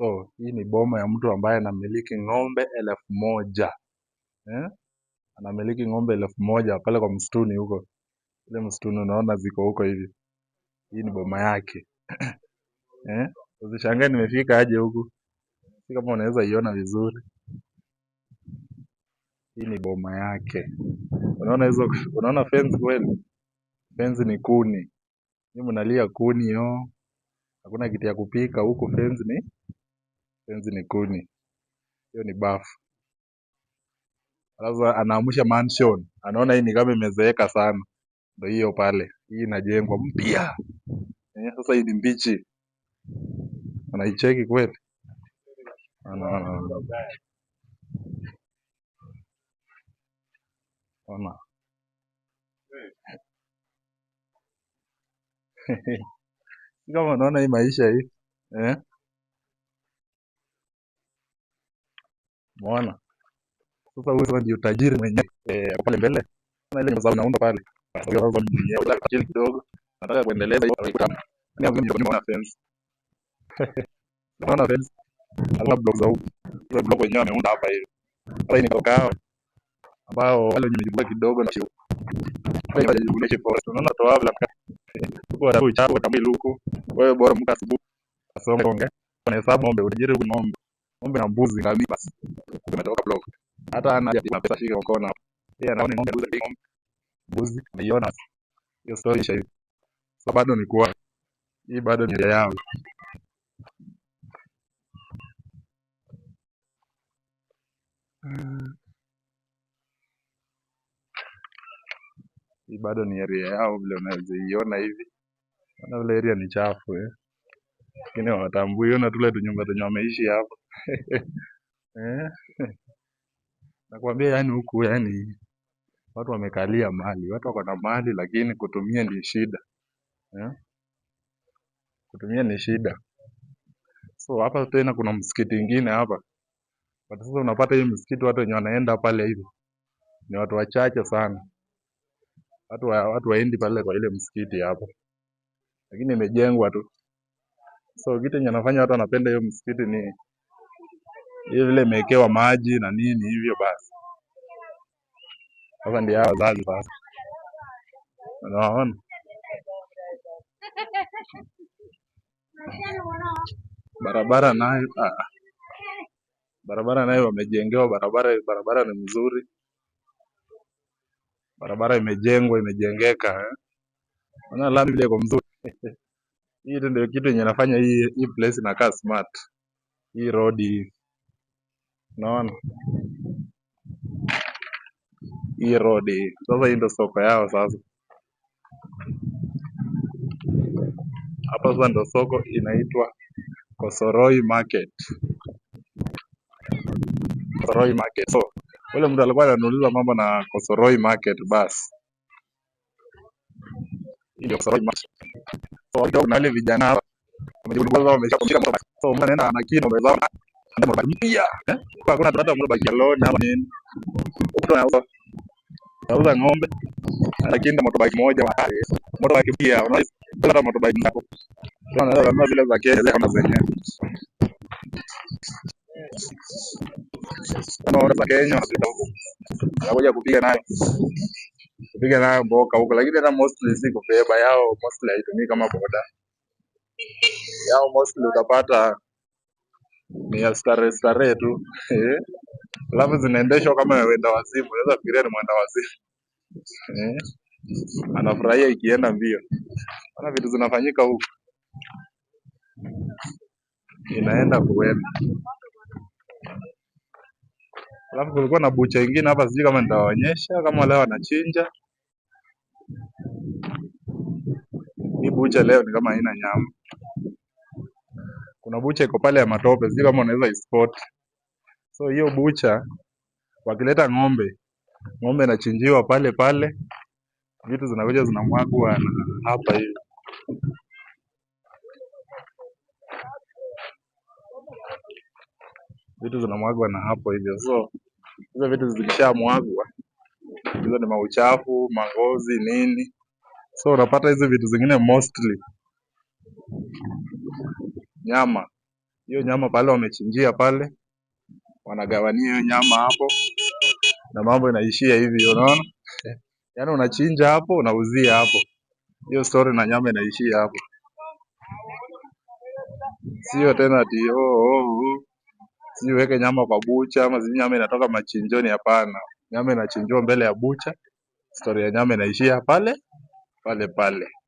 So hii ni boma ya mtu ambaye anamiliki ng'ombe elfu moja eh? Anamiliki ng'ombe elfu moja pale kwa msituni huko, ile msituni unaona ziko huko hivi. Hii ni boma yake eh? Usishangae nimefika aje huku, si kama unaweza iona vizuri. Hii ni boma yake. Unaona hizo, unaona fence kweli? Fence ni kuni, hii mnalia kuni yo, hakuna kitu ya kupika huku, fence ni Tenzi ni kuni, hiyo ni bafu. Sasa anaamsha mansion, anaona hii ni kama imezeeka sana, ndo hiyo pale, hii inajengwa mpya eh. Sasa hii ni mbichi, anaicheki kweli, ana ona kama unaona hii maisha hii eh Umeona? Sasa wewe ndio tajiri mwenyewe eh, pale mbele na ile mzao unaunda pale. Sasa sasa mwenyewe unataka chini kidogo, nataka kuendeleza hiyo kitabu. Ni hapo ndio unaona fence. Unaona fence? Alafu blog za huko. Ile blog yenyewe ameunda hapa hivi. Hapa ni kakao ambao wale wenye mjibua kidogo na shiko. Hapa ni mjibua shiko. Unaona toa bila mka. Kwa sababu chapo kama iluko. Wewe bora mka asubuhi. Asome konge. Kwa hesabu ombe utajiri ng'ombe ng'ombe na mbuzi na basi umetoka blog Hata ana ya pesa, shika mkono hapo. Yeye anaona ng'ombe mbuzi, mbuzi, anaiona hiyo story isha hiyo. Sasa bado ni kwa hii, bado ni yao hii bado ni area yao, vile unazoiona hivi. Naona vile area ni chafu eh, lakini hawatambui. Ona tule tunyumba tenye wameishi hapo. Eh? Nakwambia yani huku yani watu wamekalia mali, watu wako na mali lakini kutumia ni shida eh? Kutumia ni shida. So hapa tena kuna msikiti ingine hapa, but sasa unapata hiyo msikiti watu wenye wanaenda pale hivyo ni watu wachache sana, watu wa, watu waendi pale kwa ile msikiti hapo lakini imejengwa tu. So kitu yenye nafanya watu wanapenda hiyo msikiti ni vile imewekewa maji na nini hivyo, basi sasa ndio wazazi sasa, unaona barabara nayo ah, ah, barabara nayo wamejengewa barabara. Barabara ni mzuri, barabara imejengwa imejengeka, eh? Ona lami ile iko mzuri hii ndio kitu yenye nafanya hii hii place inakaa smart, hii road hii Unaona? Hii road hii. Sasa hii ndio soko yao sasa. Hapa sasa ndio soko inaitwa Kosoroi Market. Kosoroi Market. So, ule mtu alikuwa ananiuliza mambo na Kosoroi Market bas. ndio Kosoroi Market. So, ndio wale vijana hapa. Wamejikuta wameshakomika. So, mwana anaenda anakino umezama bakia hakuna ng'ombe lakini motobaki moja wa motobaki pia unaweza motobaki hapo, unaweza vile za kile kama zenye kama za Kenya unapita huko unakuja kupiga nayo kupiga nayo mboka huko, lakini hata mostly ziko beba yao mostly haitumii kama boda yao mostly utapata ni ya starehe starehe tu eh? Alafu zinaendeshwa kama wenda wazimu, unaweza fikiria ni mwenda wazimu eh? Anafurahia ikienda mbio, ana vitu zinafanyika huku, inaenda kuenda. Alafu kulikuwa na bucha ingine hapa, sijui kama nitawaonyesha kama leo wanachinja hii bucha. Leo ni kama haina nyama kuna bucha iko pale ya matope, sijui kama unaweza ispot. So hiyo bucha wakileta ng'ombe, ng'ombe inachinjiwa pale pale, vitu zinakuja zinamwagwa na hapa hivi vitu zinamwagwa na hapo hivyo. So hizo vitu zikishamwagwa, hizo ni mauchafu, mangozi, nini, so unapata hizo vitu zingine mostly nyama. Hiyo nyama pale wamechinjia pale, wanagawania hiyo nyama hapo, na mambo inaishia hivi, unaona yaani unachinja hapo, unauzia hapo, hiyo story na nyama inaishia hapo, sio tena ati oh, oh, oh. weke nyama kwa bucha ama nyama inatoka machinjoni. Hapana, nyama inachinjwa mbele ya bucha. Story ya nyama inaishia pale pale pale.